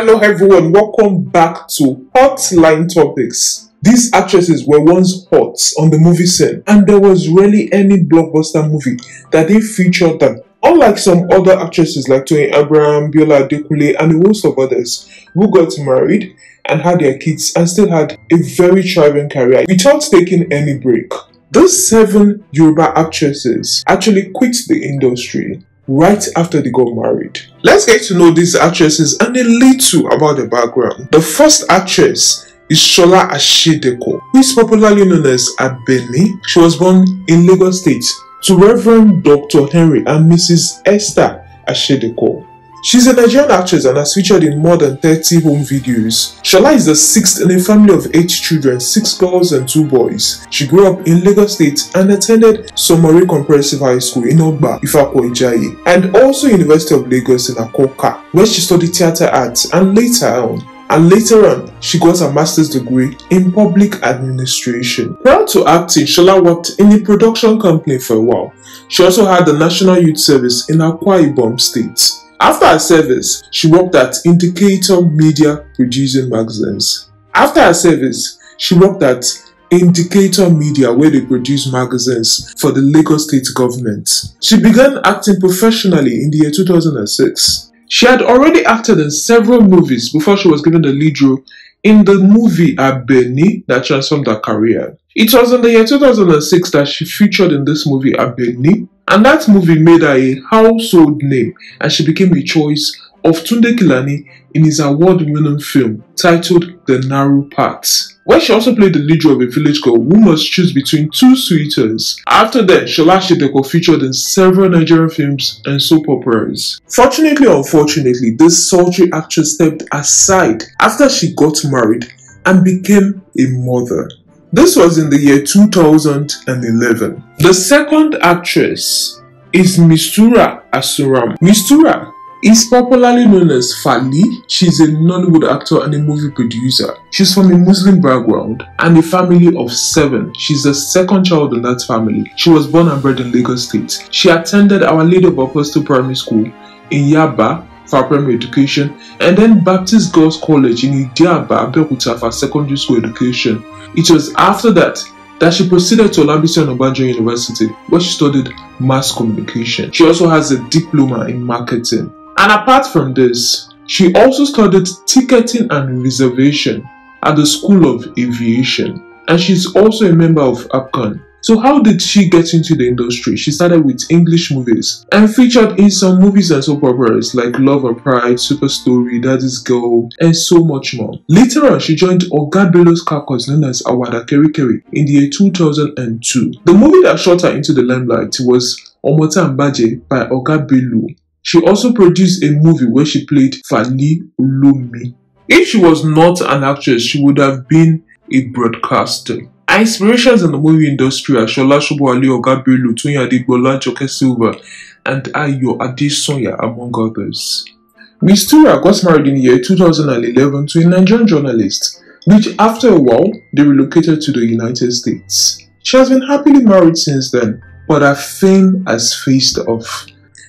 Hello, everyone. Welcome back to Hotline Topics. These actresses were once hot on the movie scene, and there was rarely any blockbuster movie that did feature them. Unlike some other actresses like Tony Abraham, Biola Dekule, and a host of others who got married and had their kids and still had a very thriving career without taking any break. Those seven Yoruba actresses actually quit the industry right after they got married. Let's get to know these actresses and a little about their background. The first actress is Shola Ashideko, who is popularly known as Abeni. She was born in Lagos State to Reverend Dr. Henry and Mrs. Esther Ashideko. She's a Nigerian actress and has featured in more than 30 home videos. Shola is the sixth in a family of eight children, six girls and two boys. She grew up in Lagos State and attended Somore Comprehensive High School in Ogba, Ifako Ijayi, and also University of Lagos in Akoka, where she studied theatre arts and later on and later on, she got her master's degree in public administration. Prior to acting, Shola worked in a production company for a while. She also had the National Youth Service in Akwa Ibom State. After her service, she worked at Indicator Media producing magazines. After her service, she worked at Indicator Media, where they produce magazines for the Lagos state government. She began acting professionally in the year 2006. She had already acted in several movies before she was given the lead role in the movie Abeni that transformed her career. It was in the year 2006 that she featured in this movie Abeni, and that movie made her a household name and she became a choice of Tunde Kilani in his award-winning film titled The Narrow Path where she also played the lead role of a village girl who must choose between two suitors. After that, Shola Shideko featured in several Nigerian films and soap operas. Fortunately or unfortunately, this sultry actress stepped aside after she got married and became a mother. This was in the year 2011. The second actress is Mistura Asuram. Mistura is popularly known as Fali. She's a Nollywood actor and a movie producer. She's from a Muslim background and a family of seven. She's the second child in that family. She was born and bred in Lagos State. She attended Our Lady of Apostle Primary School in Yaba for primary education, and then Baptist Girls College in Idiaba, Abeokuta for secondary school education. It was after that that she proceeded to Olabisi Onabanjo University, where she studied mass communication. She also has a diploma in marketing. And apart from this, she also studied ticketing and reservation at the School of Aviation, and she's also a member of APCON, so how did she get into the industry? She started with English movies and featured in some movies and soap operas like Love and Pride, Super Story, Daddy's Girl, and so much more. Later on, she joined Oga Bello's caucus known as Awada Keri Keri in the year 2002. The movie that shot her into the limelight was Omota Mbaje by Oga She also produced a movie where she played Fali Ulumi. If she was not an actress, she would have been a broadcaster. Her inspirations in the movie industry are Shola Oga Ogabelu, Toyin Adigbola, Joke Silva, and Ayo Adesoya, among others. Ms. Tura got married in the year 2011 to a Nigerian journalist, which after a while, they relocated to the United States. She has been happily married since then, but her fame has faced off.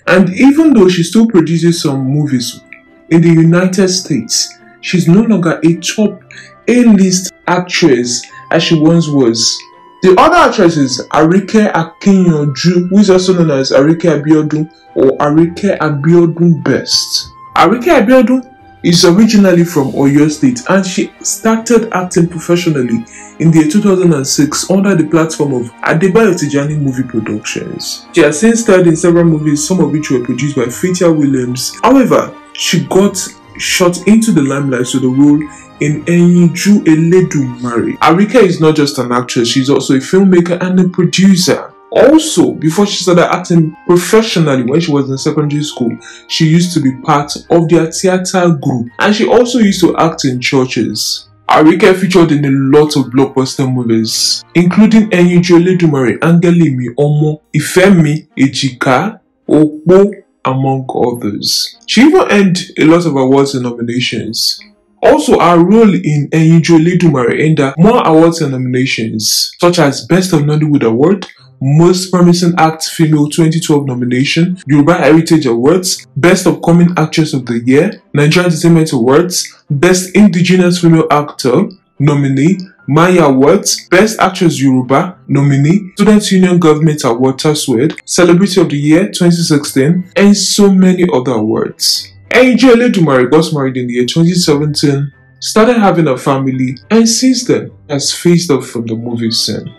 And even though she still produces some movies in the United States, she's no longer a top A-list actress as she once was. The other actresses, Arike Akinyoju, who is also known as Arike Abiodun or Arike Abiodun Best. Arike Abiodun is originally from Oyo State and she started acting professionally in the year 2006 under the platform of Adebayo Tijani Movie Productions. She has since starred in several movies, some of which were produced by Fatia Williams. However, she got shot into the limelight to the role in Enyiju Eledumare. Arika is not just an actress, she's also a filmmaker and a producer. Also, before she started acting professionally when she was in secondary school, she used to be part of their theater group and she also used to act in churches. Arika featured in a lot of blockbuster movies, including Enyiju Eledumare, Angelimi Omo, Ifemi, Ejika, Opo, among others. She even earned a lot of awards and nominations. Also, her role in Enyijo Ledumare earned her more awards and nominations, such as Best of Nollywood Award, most Promising Act Female 2012 nomination, Yoruba Heritage Awards, Best Upcoming Actress of the Year, Nigeria Entertainment Awards, Best Indigenous Female Actor, nominee, Maya Awards, Best Actress Yoruba nominee, Student Union Government Award Taswed, Celebrity of the Year 2016, and so many other awards. AJ Ledumare got married in the year 2017, started having a family, and since then has phased off from the movie scene.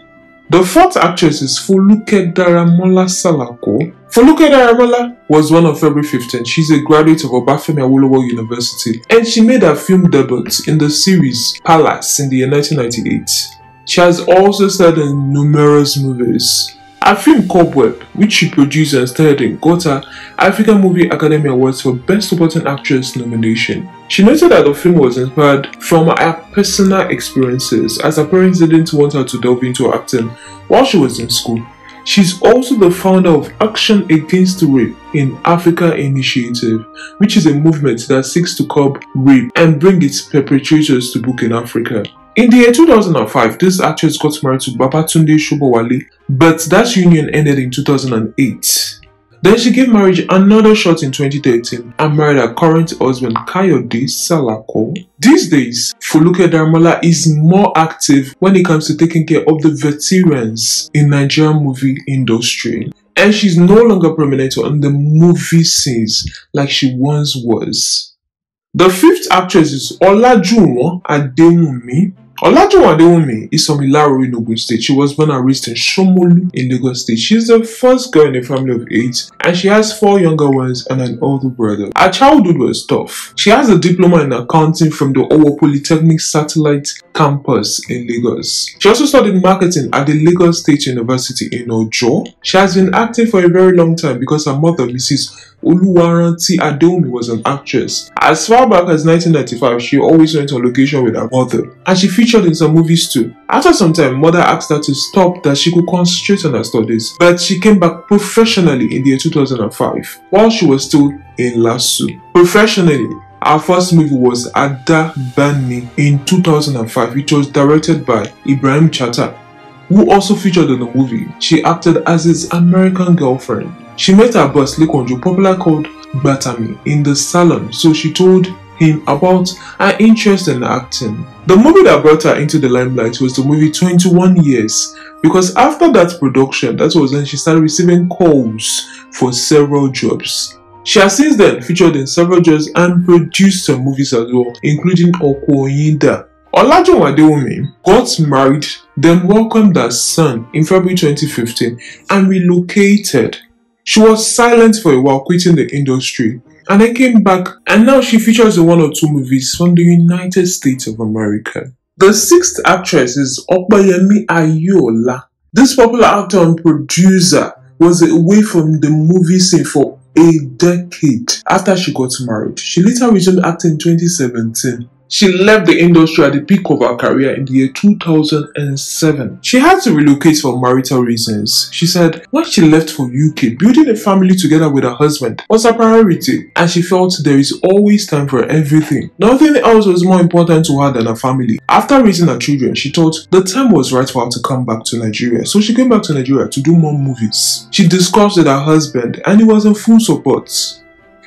The fourth actress is Fuluke Daramola Salako, Foluke Daramola was born on February 15. She's a graduate of Obafemi Awolowo University and she made her film debut in the series Palace in the year 1998. She has also starred in numerous movies. Her film Cobweb, which she produced and starred in, got her African Movie Academy Awards for Best Supporting Actress nomination. She noted that the film was inspired from her personal experiences as her parents didn't want her to delve into acting while she was in school. She's also the founder of Action Against Rape in Africa Initiative, which is a movement that seeks to curb rape and bring its perpetrators to book in Africa. In the year 2005, this actress got married to Babatunde Shobowale, but that union ended in 2008. Then she gave marriage another shot in 2013 and married her current husband Kayode Salako. These days, Fuluke Darmola is more active when it comes to taking care of the veterans in Nigerian movie industry. And she's no longer prominent on the movie scenes like she once was. The fifth actress is Olajuwon Adewumi. Olajuwade Wumi is from Ilaro in Ogun State. She was born and raised in Shomolu in Lagos State. She is the first girl in a family of eight and she has four younger ones and an older brother. Her childhood was tough. She has a diploma in accounting from the Owo Polytechnic Satellite campus in Lagos. She also studied marketing at the Lagos State University in Ojo. She has been acting for a very long time because her mother, Mrs. Oluwaranti Adomi was an actress. As far back as 1995, she always went on location with her mother, and she featured in some movies too. After some time, mother asked her to stop that she could concentrate on her studies, but she came back professionally in the year 2005 while she was still in Lassu. Professionally, our first movie was Ada Bani in 2005, which was directed by Ibrahim Chata who also featured in the movie. She acted as his American girlfriend. She met her boss Lekonjo, popular called Batami, in the salon, so she told him about her interest in acting. The movie that brought her into the limelight was the movie 21 Years because after that production, that was when she started receiving calls for several jobs. She has since then featured in several jobs and produced some movies as well, including Okoyinda, Olajuwon Adewumi got married, then welcomed her son in February 2015 and relocated. She was silent for a while, quitting the industry, and then came back, and now she features in one or two movies from the United States of America. The sixth actress is Opayemi Ayola. This popular actor and producer was away from the movie scene for a decade after she got married. She later resumed acting in 2017 she left the industry at the peak of her career in the year 2007. She had to relocate for marital reasons. She said, when she left for UK, building a family together with her husband was a priority and she felt there is always time for everything. Nothing else was more important to her than her family. After raising her children, she thought the time was right for her to come back to Nigeria. So she came back to Nigeria to do more movies. She discussed with her husband and he was in full support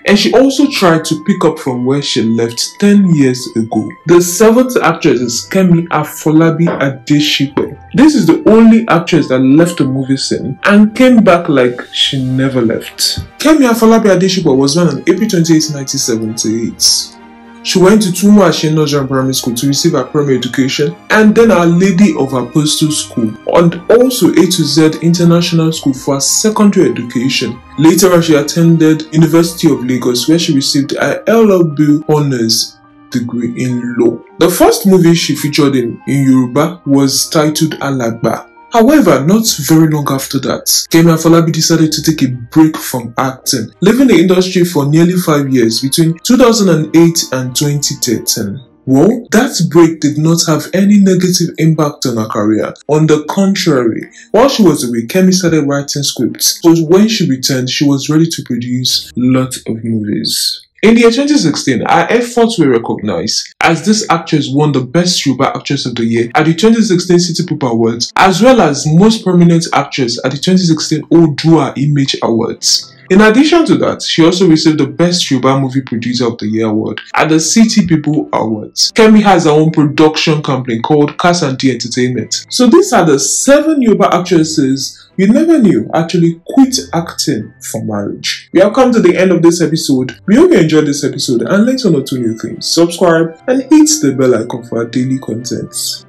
and she also tried to pick up from where she left 10 years ago. The seventh actress is Kemi Afolabi Adeshipe. This is the only actress that left the movie scene and came back like she never left. Kemi Afolabi Adeshipe was born on April 28, 1978. She went to Tumu Ashenojan Primary School to receive her primary education and then Our Lady of Apostle School and also A to Z International School for her secondary education. Later she attended University of Lagos where she received her LLB honors degree in law. The first movie she featured in in Yoruba was titled Alagba However, not very long after that, Kemi Afolabi decided to take a break from acting, leaving the industry for nearly five years between 2008 and 2013. Well, that break did not have any negative impact on her career. On the contrary, while she was away, Kemi started writing scripts. So when she returned, she was ready to produce lots of movies. In the year 2016, her efforts were recognized as this actress won the Best Yoruba Actress of the Year at the 2016 City Pop Awards, as well as Most Prominent Actress at the 2016 Odua Image Awards. In addition to that, she also received the Best Yoruba Movie Producer of the Year award at the City People Awards. Kemi has her own production company called Casanti Entertainment. So these are the seven Yoruba actresses you never knew actually quit acting for marriage. We have come to the end of this episode. We hope you enjoyed this episode and learned one or two new things. Subscribe and hit the bell icon for our daily contents.